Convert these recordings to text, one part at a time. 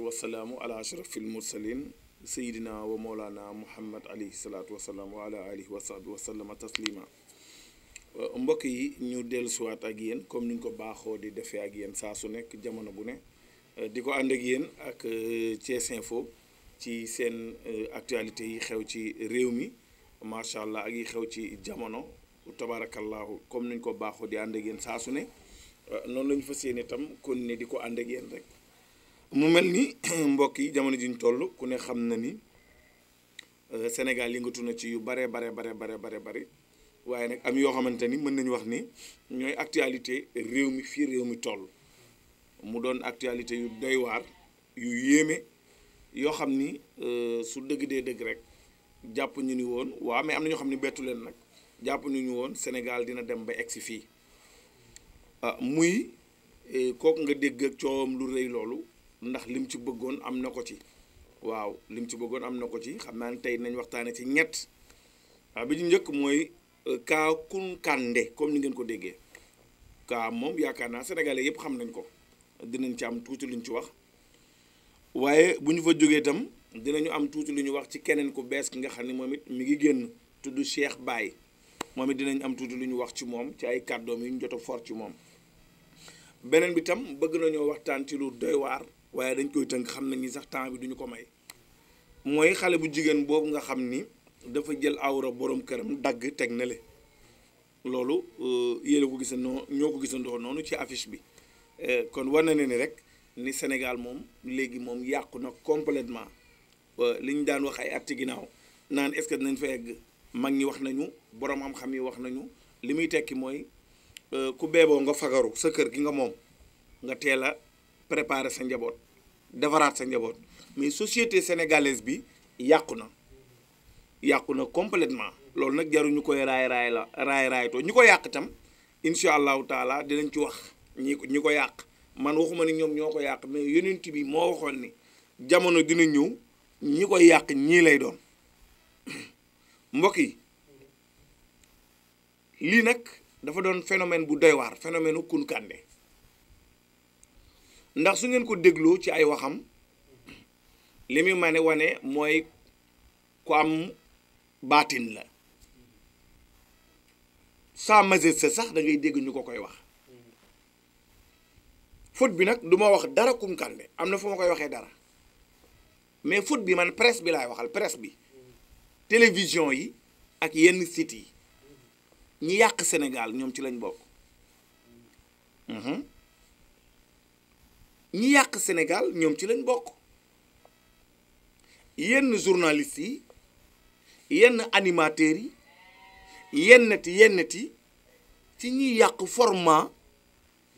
salaatu wasalaamu ala ashrafil mursalin sayidina wa moolana muhammad alayhi salaatu wasalaam wa ala alihi wa sahbi wasallama taslima mbokk yi ñu dellusiwaat ak yéen comme ni ñu ko baaxoo di defee ak yéen saa su nekk jamono bu ne euh, di ko ànd yéen ak euh, Thiès Info ci seen euh, actualité yi xew ci réew mi macha allah xew ci jamono tabaarakallaahu comme ni ko baaxoo di ànd ak saa su ne noonu la fas yéene itam kon ne di ko ànd ak yéen rek mu mel ni mbokk yi jamono ji ñu toll ku ne xam na ni euh, Sénégal yëngatu na ci yu bare bare bare bare bare bare waaye nag am yoo xamante ni mën nañu wax ni ñooy actualité réew mi fii réew mi toll mu doon actualité yu doy waar yu yéeme yoo xam ni euh, su dëgg dee dëgg rek jàpp ñu ni woon waa mais am na ñoo xam ni bettu leen nag jàpp ñu ni woon Sénégal dina dem ba egsi fii ah, muy euh, kooku nga dégg ak coowam lu rëy loolu ndax lim ci bëggoon am na ko ci waaw lim ci bëggoon am na ko ci xam naa ne tey nañ waxtaane ci ñett waaw bi ñu njëkk mooy euh, kaa Kounkandé comme ni ngeen ko déggee kaa moom yaakaar naa sénégalais yëpp xam nañ ko dinañ ci am tuuti luñ ci wax waaye bu ñu fa jógee itam dinañu am tuuti lu ñu wax ci keneen ku bees ki nga xam ne moom it mi ngi génn tudd Cheikh bàyyi moom it dinañ am tuuti lu ñu wax ci moom ci ay kàddoom yu ñu jot a for ci moom beneen bi tam bëgg nañoo waxtaan ci lu doy waar waaye dañ koy tënk xam nañ ni sax temps bi duñu ko may mooy xale bu jigéen boobu nga xam ni dafa jël awra borom këram dagg teg na le loolu euh, yéen ko gisandoo ñoo ko gisandoo noonu ci affiche bi euh, kon war na ne ni rek ni Sénégal moom léegi moom yàqu na complètement li ñu daan wax ay at ginnaaw naan est-ce que dinañ fa egg mag ñi wax nañu borom xam-xam yi wax nañu li muy tekki mooy euh, ku beeboo nga fagaru sa kër gi nga moom nga teel préparer sa njaboot defaraat sa njaboot mais société sénégalaise bi yàqu na yàqu na complètement loolu nag jaruñu ñu koy raay raay la raay raay too ñu ko yàq itam incha allahu taala dinañ ci wax ñi ko ñi ko yàq man waxuma ni ñoom ñoo ko yàq mais yonent bi moo waxoon ni jamono dina ñëw ñi koy yàq ñii lay doon mbokk yi lii nag dafa doon phénomène bu doy waar phénomène u kunkande ndax su ngeen ko dégloo ci ay waxam li muy mane wane mooy ku am baatin la sa sax da ngay dégg ñu ko koy wax foot bi nag du ma wax dara kumkande am na fu ma koy waxee dara mais foot bi man presse bi laay waxal presse bi télévision yi ak yenn sit yi ñi yàq Sénégal ñoom ci lañ bokk. Mhm. ñi yàq Sénégal ñoom ci lañ bokk yenn journalistes yi yenn animateurs yi yennati yennati ci ñiy yàq format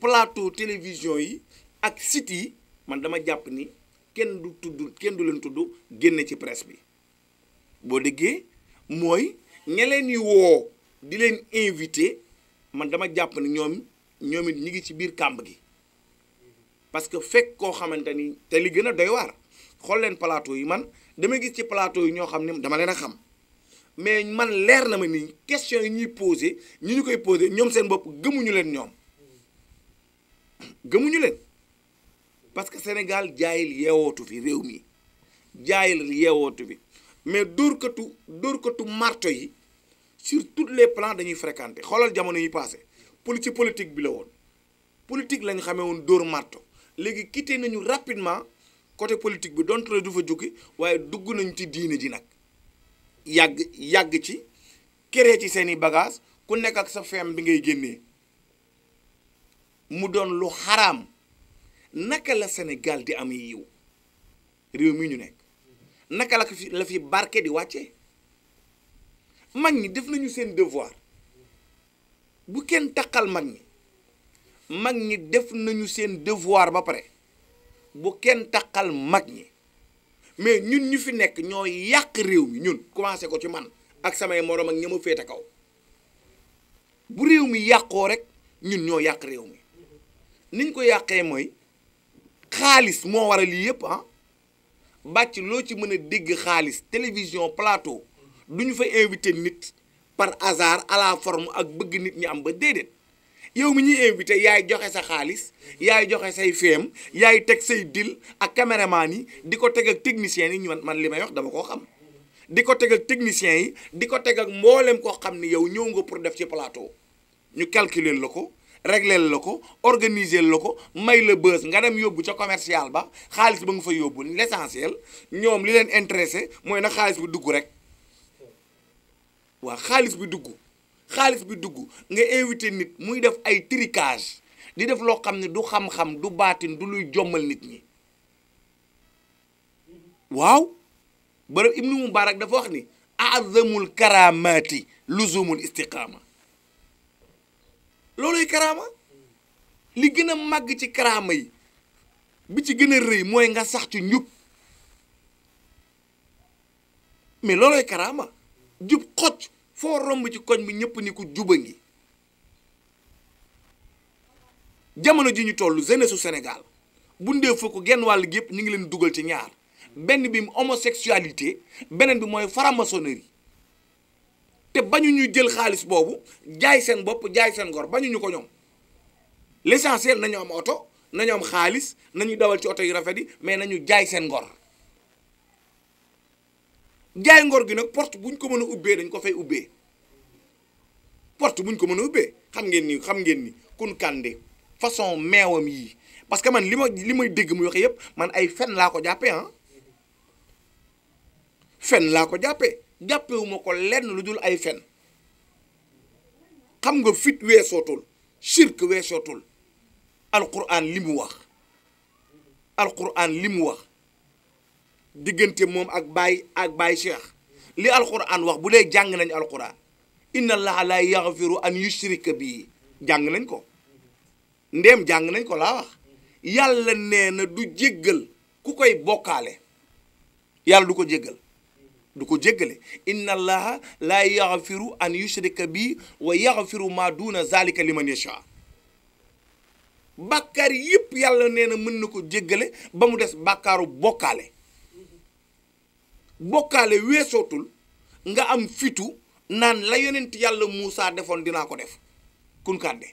plateau télévision yi ak site yi man dama jàpp ni kenn du tudd kenn du leen tudd génne ci presse bi boo déggee mooy ñeleen leen yi woo di leen invité man dama jàpp ni ñoom ñoom ñi ngi ci biir kàmb gi parce que fekk koo xamante ni te li gën a doy waar xool leen palaato yi man dama gis ci plateau yi ñoo xam ne dama leen a xam mais man leer na ma ni question yi ñuy posé ñu ñu koy posé ñoom seen bopp gëmuñu leen ñoom gëmuñu leen parce que Sénégal jaayil yeewootu fi réew mi jaayil yeewootu fi mais dóorkatu dóorkatu marto yi sur tous les plans dañuy fréquenté xoolal jamono yi passé poli ci politique bi la woon politique lañ xamee woon dóor marto léegi quitté nañu rapidement côté politique bi donte la du fa jukki waaye dugg nañu ci diine di nag yàgg yàgg ci këree ci seeni bagage ku nekk ak sa fem bi ngay génnee mu doon lu xaraam naka la Sénégal di am yiw réew mi ñu nekk naka la fi la fi barke di wàcce mag ñi def nañu seen devoir bu kenn taqal mag ñi mag ñi def nañu seen devoir ba pare bu kenn taqal mag ñi mais ñun ñu fi nekk ñoo yàq réew mi ñun commencé ko ci man ak samay moroom ak ña ma kaw bu réew mi yàqoo rek ñun ñoo yàq réew mi niñ ko yàqee mooy xaalis moo waral lii yëpp ah bàcc loo ci mën a dégg xaalis télévision plateau du ñu fa invité nit par hasard à la forme ak bëgg nit ñi am ba déedéet. yow mi ñuy invité yaay joxe sa xaalis yaay joxe say feem yaay teg say dil ak caméraman yi di ko teg ak techniciens yi ñu man li may wax dama koo xam di ko teg ak techniciens yi di ko teg ak mboolem koo xam ni yow ñëw nga pour def ci plateau ñu calculer la ko régler la ko organiser la ko may la bës nga dem yóbbu ca commercial ba xaalis ba nga fa yóbbu l'essentiel ñoom li leen intéressé mooy na xaalis bu dugg rek waa xaalis bi dugg xaalis bi dugg nga invité nit muy def ay tricage di def loo xam ne du xam-xam du baatin du luy jommal nit ñi waaw bërëb ibnu mubarak dafa wax ni azamul karamati luzumul istiqaama looluy karaama li gën a màgg ci karaama yi bi ci gën a rëy mooy nga sax ci njub mais looloy karaama jub xocc foo romb ci koñ bi ñëpp ni ku juba ngi jamono ji ñu toll jeunesse su Sénégal bu ndee fukk genn wàll gi yëpp ñu ngi leen dugal ci ñaar benn bi homosexualité beneen bi mooy franc-maçonnerie te bañu ñu jël xaalis boobu jaay seen bopp jaay seen ngor bañu ñu ko ñoom l'essentiel nañu am oto nañu am xaalis nañuy dawal ci oto yu rafet yi mais nañu jaay seen ngor jaay ngor gi nag porte buñ ko mën a ubbee dañ ko fay ubbee porte buñ ko mën a ubbee xam ngeen ni xam ngeen ni kun kànde façon meewam yii parce que man li ma li may dégg mu wax yëpp man ay fen laa ko jàppee ah fen laa ko jàppee jàppewuma ko lenn lu dul ay fen xam nga fit weesootul shirk weesootul alquran li mu wax alquran li mu wax diggante moom ak baay ak baay cheikh li alquran wax bu dee jàng nañ alquran inna allaha la yaxfiru an yushrika bii jàng nañ ko ndéem jàng nañ ko laa wax yàlla nee du jéggal ku koy bokkaale yàlla du ko jéggal du ko jéggale inna allaha la yaxfiru an yushrika bii wa yaxfiru ma duna zalika liman yasha bàkkaar yëpp yàlla nee na mën na ko jéggale ba mu des bàkkaaru bokkaale bokkaale weesootul nga am fitu naan la yonent yàlla Moussa defoon dinaa ko def kunkànde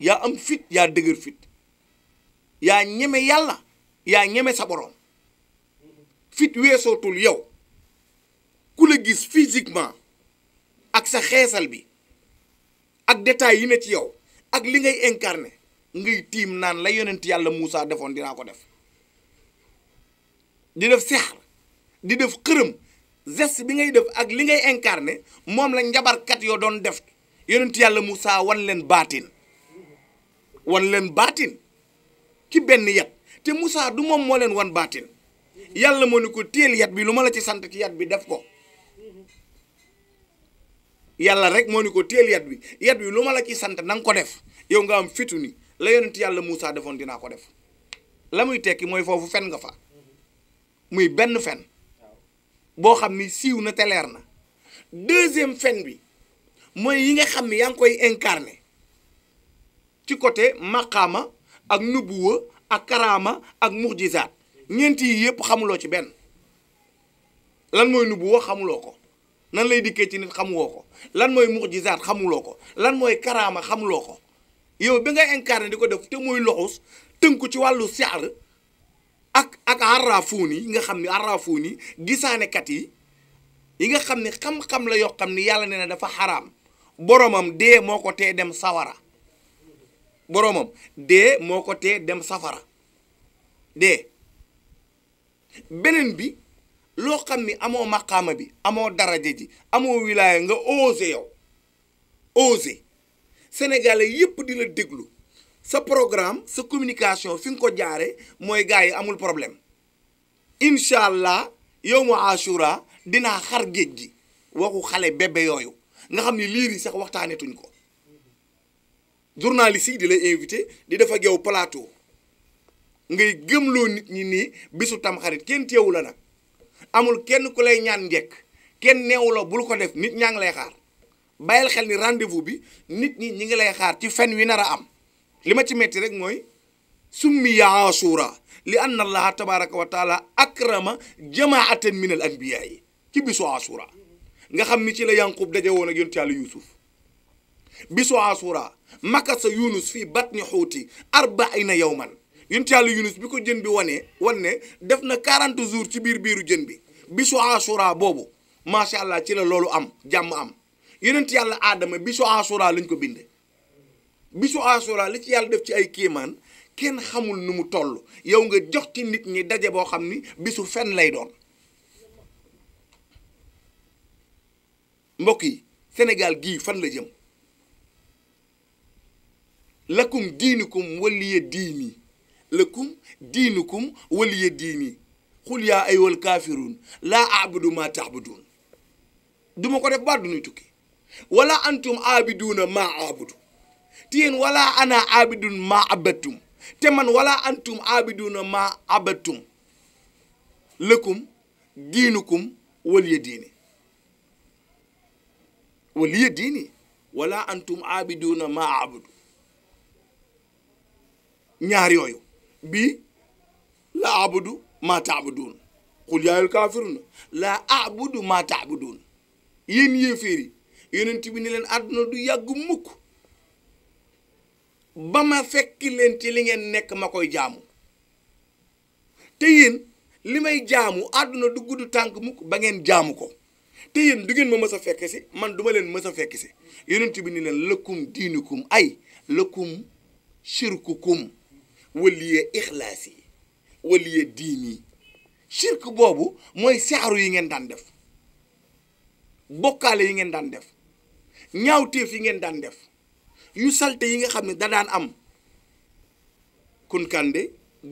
yaa am fit yaa dëgër fit yaa ñeme yàlla yaa ñeme sa borom fit weesootul yow ku la gis physiquement ak sa xeesal bi ak détails yi ne ci yow ak li ngay incarné ngay tiim naan la yonent yàlla Moussa defoon dinaa ko def di def seexar di def xërëm geste bi ngay def ak li ngay incarné moom la njabarkat yoo doon def yonent yàlla musaa wan leen baatin wan leen baatin ki benn yat te Moussa du moom moo leen wan baatin yàlla moo ni ko téel yat bi lu ma la ci sant ci yat bi def ko yàlla rek moo ni ko téel yat bi yat bi lu ma la ci sant na ko def yow nga am fitu ni la yonent yàlla musaa defoon dinaa ko def la muy tekki mooy foofu fen nga fa muy benn fen boo xam ni siiw na teleer na deuxième fen bi mooy yi nga xam ni yaa ngi koy incarné ci côté maqaama ak nubuwa ak karaama ak murjizaat ñeent yi yëpp xamuloo ci benn lan mooy nubuwa xamuloo ko nan lay dikkee ci nit xamuwoo ko lan mooy murjizaat xamuloo ko lan mooy karaama xamuloo ko yow bi nga incarné di ko def te mooy loxus tënku ci wàllu saar ak ak arrafuun yi nga xam ne arrafuun yi gisaanekat yi yi nga xam ne xam-xam la yoo xam ni yàlla ne na dafa xaraam boromam dee moo ko tee dem sawara boromam dee moo ko tee dem safara dee beneen bi loo xam ni amoo maqaama bi amoo daraja ji amoo wilaaya nga osé yow osé sénégalais yépp di la déglu sa programme sa communication fi nga ko jaare mooy gars yi amul problème incha allah yow mu asura dinaa xar géej gi waxu xale bébé yooyu nga xam ni liir yi sax waxtaanetuñ ko journaliste yi di la invité di def ak yow plateau ngay gëmloo nit ñi nii bisu tamxarit kenn teewu la nag amul kenn ku lay ñaan njekk kenn neewu la bul ko def nit ñaa ngi lay xaar bàyyil xel ni rendez bi nit ñi ñi ngi lay xaar ci fen wi nar a am li ma ci metti rek mooy summi yaasuura li anna allaha tabaraka wa taala akrama jamaatan min al anbiya yi ci bisu asura nga xam ni ci la yanqub daje woon ak yonent yàlla yusuf bisu asura makasa yunus fii batni xuuti arbaina yawman yonent yàlla yunus bi ko jën bi wane wan ne def na 40 jours ci biir biiru jën bi bisu asura boobu macha allah ci la loolu am jàmm am yonent yàlla aadama bisu asura lañ ko binde bisu asura li ci yàlla def ci ay kéemaan kenn xamul nu mu toll yow nga jox ci nit ñi daje boo xam ni bisu fen lay doon mbokk yi Sénégal gii fan la jëm lakum diinukum waliya diini lakum diinukum waliya diini xul yaa ayyuhal kaafiruun laa a'budu maa ta'buduun duma ko def ba du nuy tukki wala antum aabiduuna maa a'budu te yéen wala ana abidun ma abattum te man wala antum abiduna ma abattum lëkkum diinukum waliya diini waliya antum abiduna ma abudu ñaar yooyu bii la abudu ma taabuduun xul yaayul kaafiruuna la abudu ma taabuduun yéen yéeféer yi yonent bi ne leen àdduna du yàgg mukk ba ma fekki leen ci li ngeen nekk ma koy jaamu te yéen li may jaamu àdduna du gudd tànk mukk ba ngeen jaamu ko te yéen du ngeen ma mës a fekk si man duma leen mës a fekk si yonent bi ni leen lëkkum diinukum ay lëkkum shirkukum waliye ixlaas yi waliye diin yi shirk boobu mooy saaru yi ngeen daan def bokkaale yi ngeen daan def ñaaw ñaawteef yi ngeen daan def yu salte yi nga xam ne da daan am Kounkandé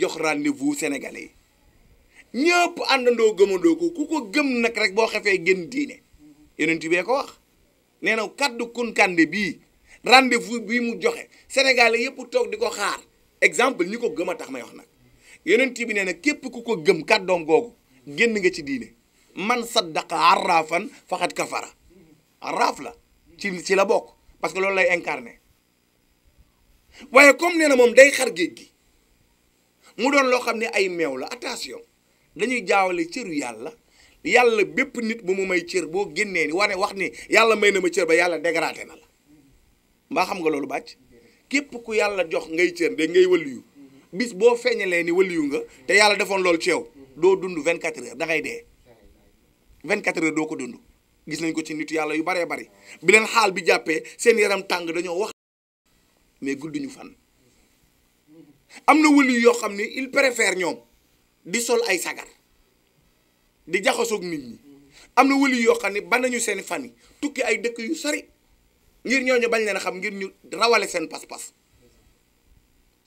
jox rendez-vous sénégalais yi ñëpp àndandoo gëmandoo ko ku ko gëm nag rek boo xefee génn diine yonent bee ko wax nee na kaddu Kounkandé bii rendez-vous bii mu joxe sénégalais yëpp toog di ko xaar exemple ñi ko gëm a tax may wax nag yonent bi nee na képp ku ko gëm doom googu génn nga ci diine man saddaqa arrafan faxat kafara arraf la ci ci la bokk parce que loolu lay incarné waaye comme nee na moom day xar géej gi mu doon loo xam ne ay meew la attention dañuy jaawale cëru yàlla yàlla bépp nit bu mu may cër boo génnee ni wane wax ni yàlla may na ma cër ba yàlla dégradé na la mbaa xam nga loolu bàcc képp ku yàlla jox ngay cër de ngay waliyu bis boo feeñalee ni waliyu nga te yàlla defoon loolu ci yow doo dund 24 heures da ngay dee 24 heures doo ko dund gis nañ ko ci nit yàlla yu baree bari bi leen xaal bi jàppee seen yaram tàng dañoo wax mais gudduñu fan am na wëli yoo xam ne il préfère ñoom di sol ay sagar di jaxasoog nit ñi am na wëli yoo xam ne ba nañu seeni fan yi tukki ay dëkk yu sori ngir ñooñu bañ leen a xam ngir ñu rawale seen pas-pas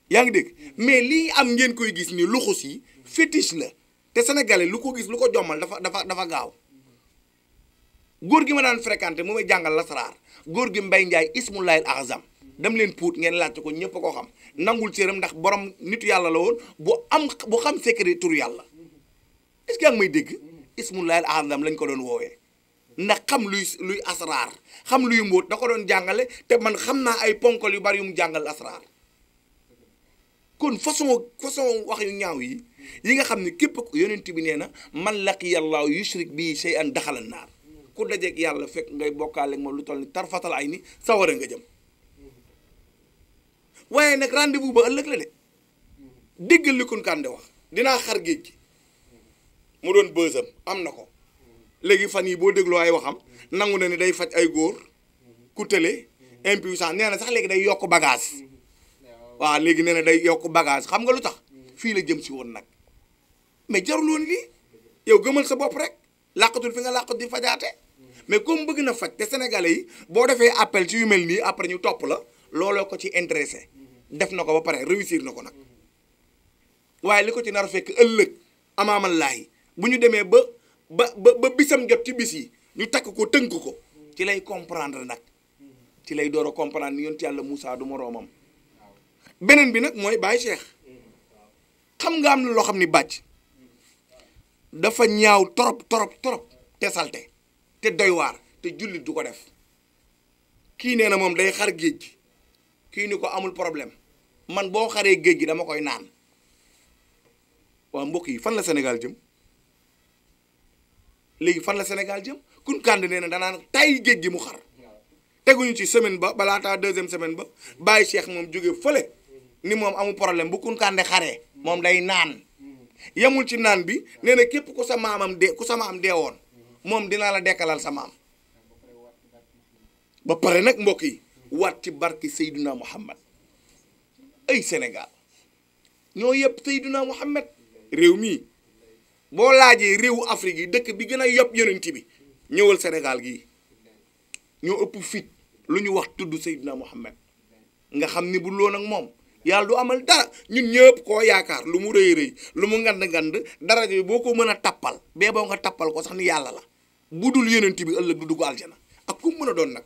yaa ngi dégg mais lii am ngeen koy gis ni luxus yi fétiche la te sénégalais lu ko gis lu ko jommal dafa dafa dafa gaaw góor gi ma daan fréquenté mu may jàngal lasaraar góor gi Mbay Njaay ismullahil ahzam dem leen puut ngeen laajte ko ñëpp a ko xam nangul cëram ndax borom nit yàlla la woon bu am bu xam secret tur yàlla est-ce may dégg ismullahil azam lañ ko doon woowee ndax xam luy luy asraar xam luy mbóot da ko doon jàngale te man xam naa ay ponkal yu bari yu mu jàngal asraar kon façon façon wax yu ñaaw yi yi nga xam ne képp yonent bi nee na man laqiyallaahu yushrik bi shay'an daxala naar ku dajeeg yàlla fekk ngay bokkaale ak moom lu toll ni tarfatal ay ni sawara nga jëm waaye nag rendez-vous ba ëllëg la de déggal li Kounkandé wax dinaa xar géej gi mu doon bësam am na ko léegi fan yi boo dégloo ay waxam nangu na ne day faj ay góor ku tële impuissant nee na sax léegi day yokk bagage waaw léegi nee na day yokk bagage xam nga lu tax fii la jëm si woon nag mais jarul woon lii yow gëmal sa bopp rek làqatul fi nga làqat di fajaate mais comme bëgg na faj te sénégalais yi boo defee appel ci yu mel nii après ñu topp la looloo ko ci intéressé def na ko ba pare réussir na ko nag waaye li ko ci nar fekk ëllëg amaamal laay bu ñu demee ba ba ba bisam jot ci bis yi ñu takk ko tënk ko ci lay comprendre nag ci lay door a comprendre ni yonent yàlla Moussa du moroomam beneen bi nag mooy Baye Cheikh xam nga am na loo xam ni bàcc dafa ñaaw torop torop torop te salte te doy waar te jullit du ko def kii nee na moom day xar géej gi kii ni ko amul problème man boo xaree géej gi dama koy naan waa mbokk yi fan la Sénégal jëm léegi fan la Sénégal jëm kun kànd nee na danaan tay géej gi mu xar teguñu ci semaine ba balaataa deuxième semaine ba bàyyi Cheikh moom jóge fële ni moom amul problème bu kun kànde xaree moom day naan yemul ci naan bi nee na képp ku sa maamam dee ku sa maam deewoon moom dinaa la dekkalal sa maam ba pare nag mbokk yi waat ci barke Seydina Muhammad ay senegal ñoo yëpp Seydina Muhammad réew mii boo laajee réewu Afrique yi dëkk bi gën a yëpp yonent bi ñëwal Sénégal gii ñoo ëpp fit lu ñu wax tudd Seydina Muhammad nga xam ni bu loon ak moom yàlla du amal dara ñun ñëpp koo yaakaar lu mu rëy rëy lu mu ngand ngand dara bi boo ko mën a tappal bee boo nga tappal ko sax ni yàlla la bu dul yonent bi ëllëg du dugg aljana ak ku mën a doon nag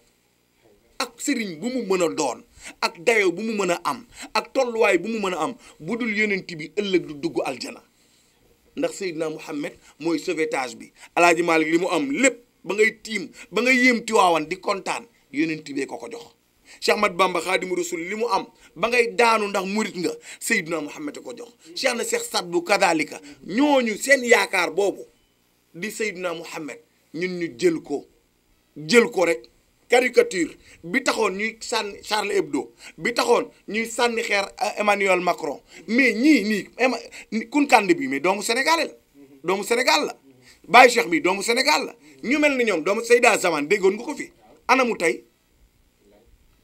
ak sëriñ bu mu mën a doon ak dayo bu mu mën a am ak tolluwaay bu mu mën a am bu dul yonent bi ëllëg du dugg aljana ndax Seydina Mouhamed mooy sovetage bi alaaji Malik li mu am lépp ba ngay tiim ba ngay yéem tiwaawan di kontaan yonent bee ko ko jox Cheikh Ahmad Bamba Xaadimu Rasul li mu am ba ngay daanu ndax murit nga Seydina Mouhamed ko jox Cheikh na Cheikh Saad bu kadalika ñooñu seen yaakaar boobu di Seydina Mouhamed ñun ñu jël ko jël ko rek caricature bi taxoon ñuy sànni Charlie Hebdo bi taxoon ñuy sànni xeer euh, Emmanuel Macron mais ñii nii Kounkandé bi mais doomu Sénégalais la doomu Sénégal la Baye Cheikh bi doomu Sénégal la ñu mel ni ñoom doomu Seyda Zaman déggoon nga ko fi anamu tey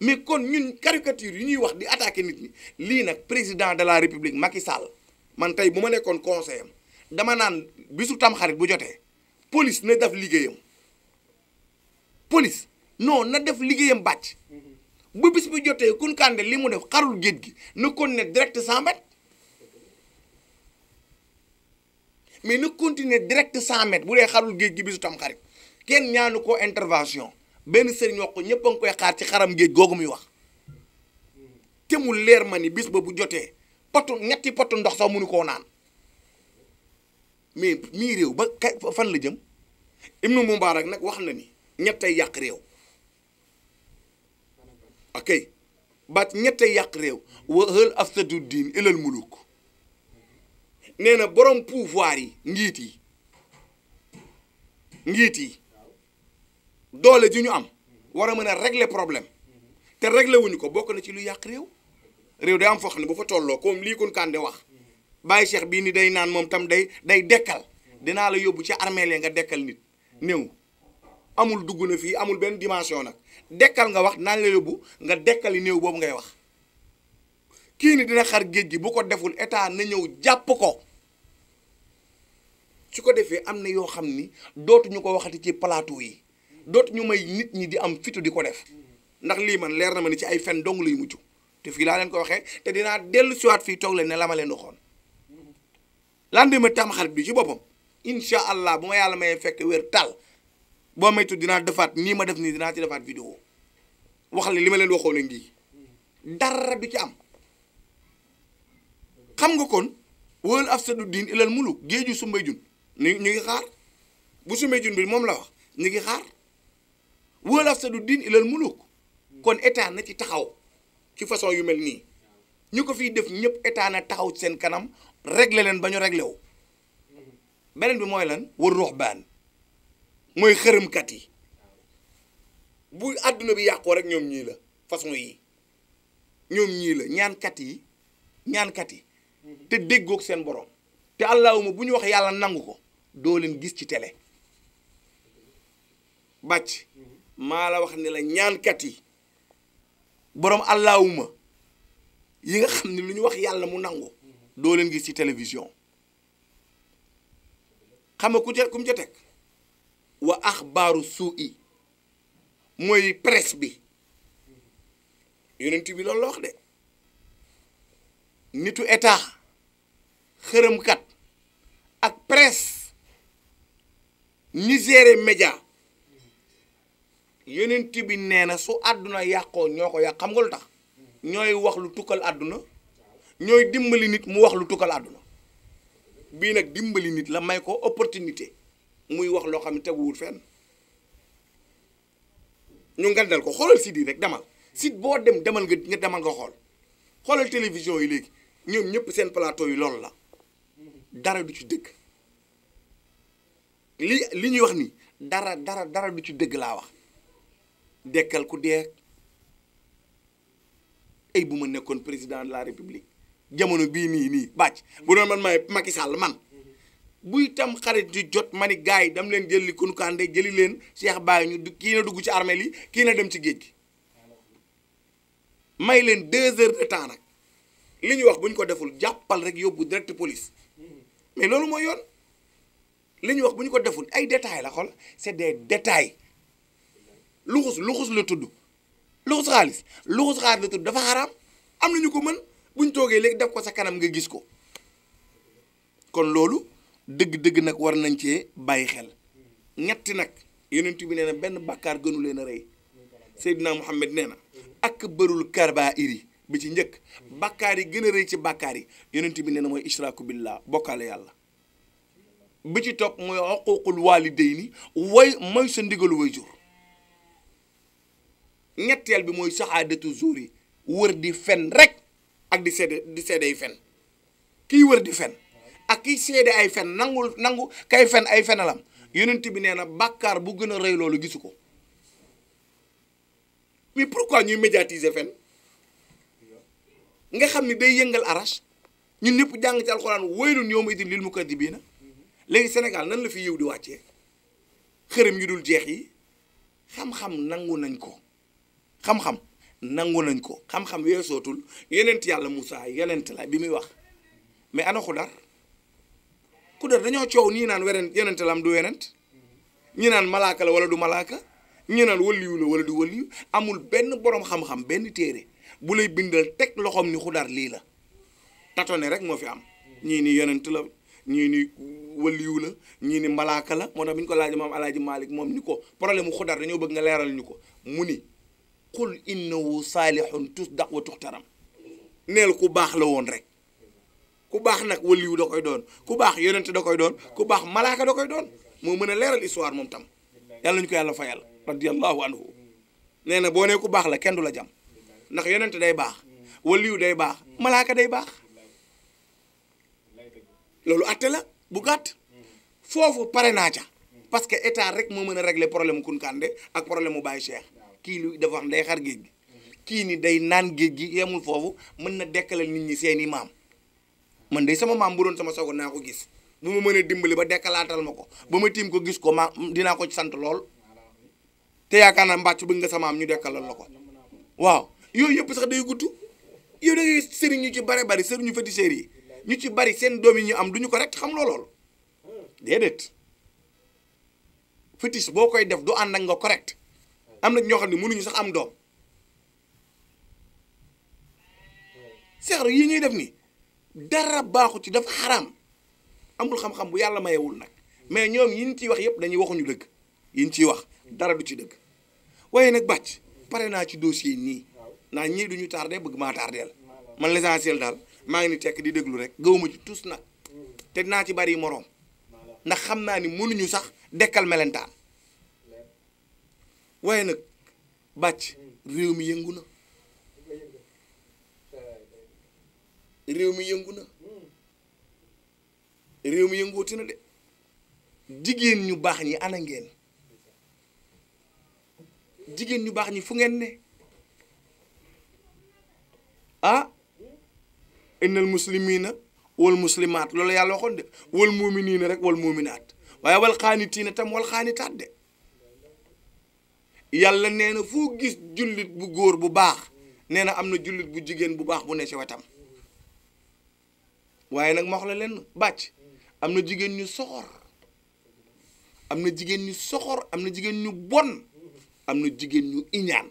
mais kon ñun caricature yi ñuy wax di attaquer nit ñi lii nag président de la république Macky Sall man tey bu ma nekkoon conseil dama naan bisu tam bu jotee police na def liggéeyam police non na def liggéeyam bàcc mhm. bu bis bu jotee Kounkandé li mu def xarul géej gi na continuer direct cent mais na continuer direct cent bu dee xarul géej gi bisu tam xarit kenn ñaanu ko intervention benn sëriñ wax ko ñëpp a ngi koy xaar ci xaram géej googu muy wax mhm. te mu leer ma ni bis ba bu jotee pot ñetti pot ndox sax mënu koo naan mais mii réew ba kay fan la jëm mu Ibnu rek nag wax na ni ñett yàq réew. akay baat ñette yàq réew wa hël aftadu diin ilal muluk nee na borom pouvoir yi njiit yi njiit yi doole ju ñu am war a man a régler problème te régler wuñu ko bokk na ci lu yàq réew réew day am foo xam ne bu fa tolloo comme lii kon Kande wax bàyyi cheikh bii nii day naan moom tam day day dekkal dinaa la yóbbu ci armée nga dekkal nit néew amul dugg na fii amul benn dimension nag dekkal nga wax naan la yóbbu nga dekkali néew boobu ngay wax kii ni dina xar géej gi bu ko deful état na ñëw jàpp ko su ko defee am na yoo xam ni dootuñu ko waxati ci plateau yi dootuñu may nit ñi di am fitu di ko def ndax lii man leer na ma ni ci ay fenn dong lay mujj te fii laa leen ko waxee te dinaa dellu siwaat fii toog leen ne la ma leen waxoon lendemain tam xarit bi ci boppam incha allah bu ma yàlla mayee fekk wér tal boo maytu dinaa defaat nii ma def nii dinaa ci defaat vidéo wax la li ma leen waxoo la ngi dara du ci am xam nga kon wóolu afsadu diin ilal muluk géeju sumbay jun ñu ñu ngi xaar bu sumbay jun bi moom la wax ñu ngi xaar wóolu afsadu diin ilal muluk kon état na ci taxaw ci façon yu mel nii ñu ko fiy def ñëpp état na taxaw seen kanam régler leen ba ñu réglé wu beneen bi mooy lan war ruux baan mooy xërëmkat yi bu àdduna bi yàqoo rek ñoom ñii la façon yi ñoom ñii la ñaankat yi ñaankat yi te déggoog seen borom te allahuma bu ñu wax yàlla nangu ko doo leen gis ci télé bàcc maa la wax ne la ñaankat yi boroom allahuma yi nga xam ne lu ñu wax yàlla mu nangu doo leen gis ci télévision xam nga ku ca ku mu wa axbaaru suu i mooy presse bi yonent bi loolu la wax de nitu état xërëmkat ak presse ñi géré média yonent bi nee na su àdduna yàqoo ñoo ko yàq xam nga lu tax ñooy wax lu tukkal àdduna ñooy dimbali nit mu wax lu tukkal àdduna bii nag dimbali nit la may ko opportunité muy wax loo xam ne teguwul fenn ñu ngandal ko xoolal site yi rek demal site boo dem demal nga nga demal nga xool xoolal télévision yi léegi ñoom ñëpp seen plateau yi loolu la dara du ci dëgg li li ñuy wax ni dara dara dara du ci dëgg laa wax dekkal ku dee ay bu ma nekkoon président de la république jamono bii nii nii bàcc bu doon man maay Macky Sall man buy tam xarit di jot ma ni gars yi dam leen jëli Kounkandé jëli leen Cheikh Baye ñu kii na dugg ci armeel yi kii na dem ci géej gi may leen deux heures de temps nag li ñu wax bu ñu ko deful jàppal rek yóbbu direct police mais loolu mooy yoon li ñu wax bu ñu ko deful ay détails la xol c'est des détails luxus luxus la tudd luxus xaalis luxus xaalis la tudd dafa xaraam am na ñu ko mën bu ñu toogee léegi def ko sa kanam nga gis ko kon loolu. dëgg-dëgg nag war nañ cee bàyyi xel ñetti nag yonent bi nee na benn bàkkaar gënu leen a rëy Seydina Muhammad nee na ak bërul karba iri bi ci njëkk bàkkaar yi gën a rëy ci bàkkaar yi yonent bi nee na mooy ishraaku billah bokkaale yàlla bi ci topp mooy xuquuqul waalidayni way mooy sa ndigalu way jur ñetteel bi mooy saxaadatu zuur yi wër di fen rek ak di seede di seede fen kii wër di fen ak ki seede ay fen nangul nangu kay fen ay fenalam yeneen bi nee na bàkkaar bu gën a rëy loolu gisu ko mais pourquoi ñuy médiatiser fen nga xam ni day yëngal arrache ñun ñëpp jàng ci alxuraan waylun yawma idin lil mukadibiina léegi Sénégal nan la fi yiw di wàcce xërëm yu dul jeex yi xam-xam nangu nañ ko xam-xam nangu nañ ko xam-xam weesootul yenent yàlla Moussa yenent la bi muy wax mais ana xudar ku def dañoo coow ñii naan weneen yonent la am du yonent ñi naan malaaka la wala du malaaka ñi naan wëliyu la wala du wëliyu amul benn borom xam-xam benn téere bu lay bindal teg loxoom ni xudar lii la tatone rek moo fi am ñii ni yonent la ñii ni wëliyu la ñii ni malaaka la moo tax bi ko laaj maam alaaji Malick moom ni ko problème mu xudar dañoo bëgg nga leeral ñu ko mu ni qul innahu saalihun tusdaq wa tuxtaram neel ku baax la woon rek ku baax nag waliyu da koy doon ku baax yonent da koy doon ku baax malaaka da koy doon moo mën a leeral histoire moom tam yàlla nañu ko yàlla fayal radiyallahu anhu nee na boo nee ku baax la kenn du la jam ndax yonent day baax waliyu day baax malaaka day baax loolu atte la bu gàtt foofu pare naa ca parce que état rek moo mën a régler problème Kunkande ak problème mu Baye Cheikh kii lu dafa wax day xar géej gi kii nii day naan géej gi yemul foofu mën na dekkalal nit ñi seeni maam man de sama maam bu doon sama sogo naa ko gis bu ma mënee dimbali ba dekkalaatal ma ko ba ma tiim ko gis ko dinaa ko sant lool te yaakaar naa mbàcc bëgg nga sama maam ñu dekkalal la ko waaw yooyu yëpp sax day gudd yow da ngay sëriñ ñu ci bare bari sëriñu féticheurs yi ñu ci bari seen doom yi ñu am duñu ko rek xam lool déedéet fétiche boo koy def du ànd ak nga correct am na ñoo xam ne mënuñu sax am doom seex yi ñuy def nii. dara baaxu ci dafa xaraam amul xam-xam bu yàlla mayewul nag mais ñoom yi ñu ciy wax yëpp dañuy waxuñu dëgg yi ñu ciy wax dara du ci dëgg waaye nag bàcc pare naa ci dossier nii ndax ñii du duñu tardé bëgg maa tardeel man l'essentiel daal maa ngi ni tekk di déglu rek gawuma ci tous nag te naa ci bari moroom ndax xam naa ni mënuñu sax dekkal melentaan waaye nag bàcc réew mi yënguna réew mi yëngu na réew mi yëngooti na de jigéen ñu baax ñi ana jigéen ñu baax ñi fu ngeen ne ah innal muslimiina wal muslimaat loolu yàlla waxoon de wal muuminiina rek wal muuminaat waaye wal xaanitiina tam wal xaanitaat de yàlla nee na foo gis jullit bu góor bu baax neena am na jullit bu jigéen bu baax bu ne ci wetam waaye nag ma wax la leen bàcc am na jigéen ñu soxor am na jigéen ñu soxor am na jigéen ñu bon am na jigéen ñu iñaan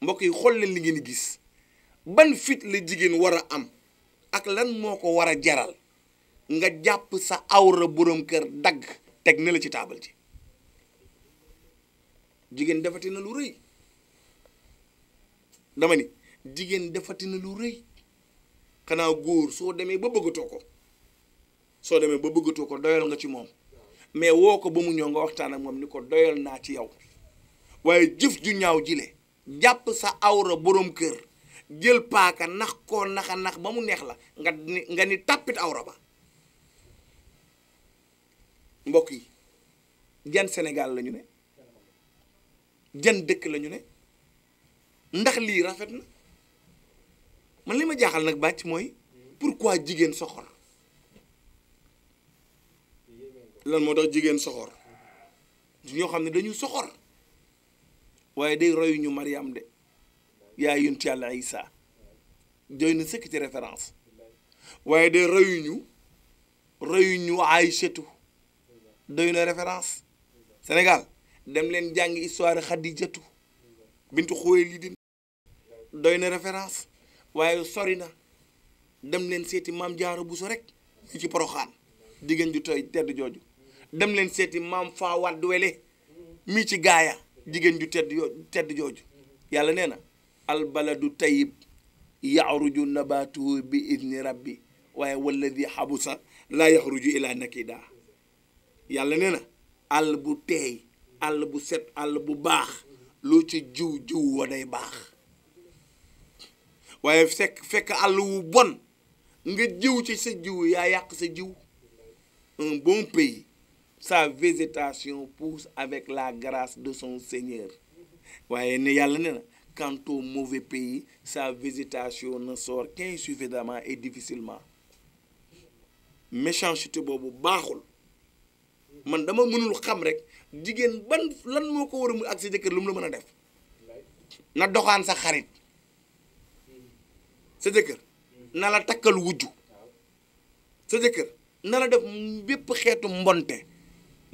mbokk yi xool leen li ngeen gis ban fit la jigéen war a am ak lan moo ko war a jaral nga jàpp sa awra boroom kër dagg teg na la ci taabal ji jigéen defati na lu rëy dama ni jigéen defati na lu rëy xanaa góor soo demee ba bëggatoo ko soo demee ba bëggatoo ko doyal nga ci moom mais woo ko ba mu ñëw nga waxtaan ak moom ni ko doyal naa ci yow waaye jëf ju ñaaw jile jàpp sa awra borom kër jël paaka nax ko naxa nax ba mu neex la nga ni tàppit awra ba mbokk yi jan senegal lañu ne jan dëkk la ñu ne ndax lii rafet na man li ma jaaxal nag bàcc mooy pourquoi jigéen soxor lan moo tax jigéen soxor ñoo xam ne dañu soxor waaye day royuñu Mariam de yaa yaay yunt yàlla Isa doy na sëkk ci référence waaye day royuñu royuñu Aïchatu doy na référence Sénégal dem leen jàng histoire Xadijatu bintu Xuwaylid doy na référence waaye sori na dem leen seeti maam jaaro buso rek ñu ci poroxaan jigéen ju tooy tedd jooju dem leen seeti maam faa wadd wele mii ci gaaya jigéen ju tedd tedd jooju yàlla nee na albaladu tayib yaxruju nabatuhu bi idni rabbi waaye walladi xabusa laa yaxruju ilaa nakida yàlla nee na àll bu teey àll bu set àll bu baax loo ci jiw jiw wa day baax waaye fekk fekk àll wu bon nga jiw ci sa jiw yaa yàq sa jiw un bon pays sa végétation pousse avec la grâce de son Seigneur waaye ne yàlla ne na quant au mauvais pays sa végétation ne sort qu'insuffisamment et difficilement méchanceté boobu baaxul man dama mënul xam rek jigéen ban lan moo ko war a mu ak sa jëkkër lu mu la mën a def na doxaan sa xarit sa jëkkër na takkal wujju sa jëkkër na la def bépp xeetu mbonte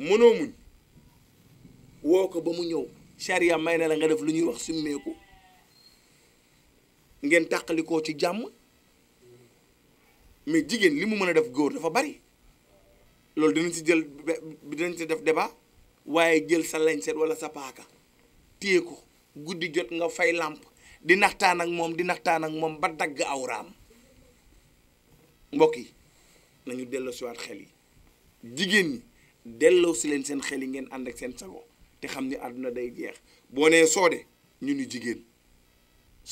mënoo muñ woo ko ba mu ñëw charia may na la nga def lu ñuy wax summeeku ngeen tàqalikoo ci jàmm mais jigéen li mu mën a def góor dafa bari loolu dinañ ci jël dinañ ci def débat waaye jël sa lañset walla sa paaka téye ko guddi jot nga fay làmp di naxtaan ak moom di naxtaan ak moom ba dagg awraam mbokk yi nañu delloosiwaat xel yi jigéen ñi si leen seen xel yi ngeen ànd ak seen sago te xam ni àdduna day jeex boo nee soode ñu ni jigéen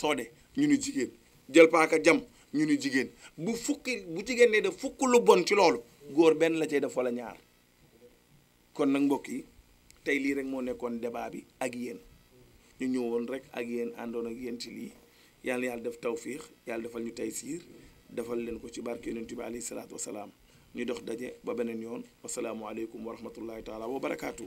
soode ñu ni jigéen jël paaka jam ñu ni jigéen bu fukki bu jigéen ne def fukk lu bon ci loolu góor benn la cay def wala ñaar kon nag mbokk yi tey lii rek moo nekkoon débat bi ak yéen ñu ñëwoon rek ak yéen àndoon ak yéen lii yàlla yàlla def tawfiix yàlla defal ñu taysiir defal leen ko ci barke yonent bi alayhi salaatu wasalaam ñu dox daje ba beneen yoon wasalaamualeykum wa rahmatullahi taala wa barakaatu.